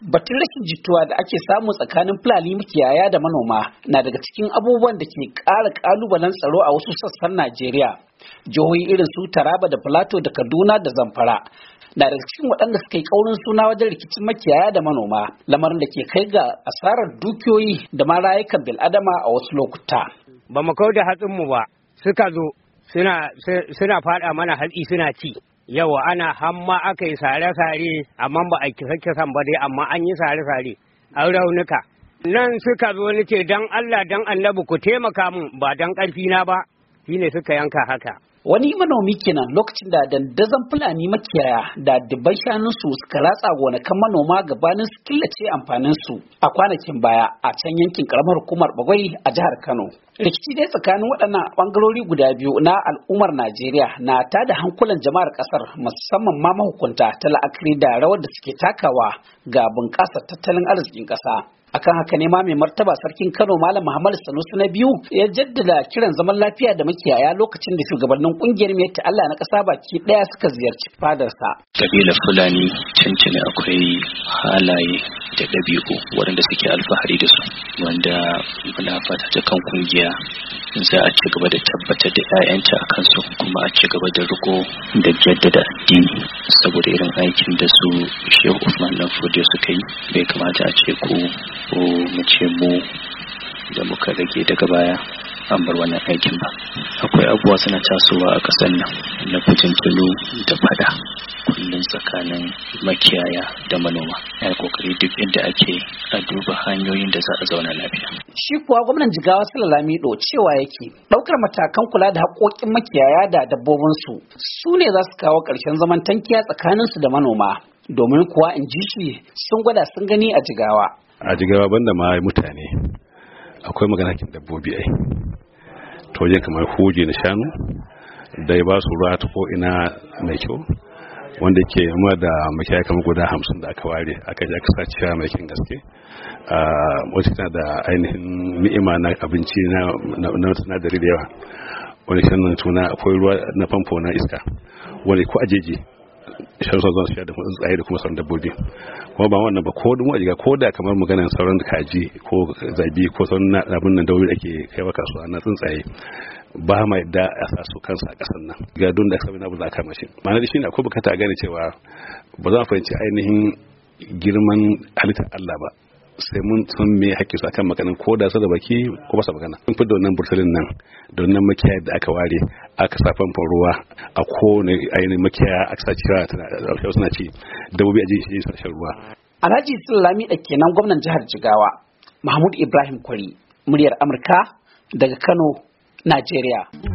Batun rashin jituwa da ake samu tsakanin Fulani makiyaya da manoma na daga cikin abubuwan da ke ƙara ƙalubalen tsaro a wasu sassan Najeriya. Jihohi irin su Taraba da Filato da Kaduna da Zamfara na daga cikin waɗanda suka yi ƙaurin suna wajen rikicin makiyaya da manoma, lamarin da ke kai ga asarar dukiyoyi da ma rayukan bil'adama a wasu lokuta. Ba mu kau da hatsinmu ba, suka zo suna faɗa mana hatsi suna ci. yau ana hamma aka yi sare-sare amma ba a kisa-kisan ba dai amma an yi sare-sare an raunuka nan suka zo ni ce dan Allah dan annabi ku taimaka mun ba dan ƙarfi na ba Shi ne suka yanka haka Wani manomi kenan lokacin da dandazon Fulani makiyaya da dubban shanunsu suka ratsa gonakan manoma gabanin su killace amfaninsu a kwanakin baya a can yankin karamar hukumar Bagwai a jihar Kano. Rikici dai tsakanin waɗannan ɓangarori guda biyu na al'ummar Najeriya na ta da hankulan jama'ar ƙasar musamman ma mahukunta ta la'akari da rawar da suke takawa ga bunƙasar tattalin arzikin ƙasa. akan haka ne ma mai martaba sarkin Kano Malam Muhammad Sanusi na biyu ya jaddada kiran zaman lafiya da makiyaya lokacin da shugabannin kungiyar mai Allah na kasa baki daya suka ziyarci fadarsa. Kabilar Fulani cincin akwai halaye da ɗabi'u waɗanda suke alfahari da su wanda muna fata ta kan kungiya za a ci gaba da tabbatar da 'ya'yanta a kansu kuma a ci gaba da riko da jaddada addini saboda irin aikin da su shehu usman dan suka yi bai kamata a ce ko ko mu ce mu da muka rage daga baya an bar wannan aikin ba akwai abubuwa suna tasowa a ƙasar nan na fitintulu da fada kullum tsakanin makiyaya da manoma ya kokari duk inda ake a duba hanyoyin da za a zauna lafiya shi kuwa gwamnan jigawa sula lamido cewa yake ɗaukar matakan kula da haƙoƙin makiyaya da dabbobinsu su ne za su kawo ƙarshen zaman tankiya tsakaninsu da manoma domin kuwa in ji shi sun gwada sun gani a jigawa a jigawa banda ma mutane akwai kin dabbobi ai to je kamar huje na shanu dai ba su ruwa ta ko ina mai kyau wanda ke ma da makiyaya kamar guda hamsin da aka ware aka ji aka sa ciya mai kin gaske wacce tana da ainihin ni'ima na abinci na sinadari da yawa wani shanun tuna akwai ruwa na famfo na iska wani ko ajeji shan za su sha da tsaye da kuma sauran dabbobi kuma ba wannan ba ko dun ga ko da kamar maganar sauran kaji ko zabi ko sauran abin nan dauri da kai wa kasuwa na tsuntsaye ba ma yadda a sa su kansu a kasan nan ga don da aka abu za a kama shi ma'ana shi ne akwai bukata a gane cewa ba za a fahimci ainihin girman halittar Allah ba sai mun san me hakki su akan maganin ko da da baki ko ba sa magana mun fi da wannan burtulin nan don wannan makiyaya da aka ware aka sa famfan ruwa a kowane ainihin makiyaya aka sa cewa suna ci dabbobi a jin shi shan ruwa Alhaji sulami da kenan gwamnan jihar Jigawa Mahmud Ibrahim Kwari muryar Amurka daga Kano Najeriya.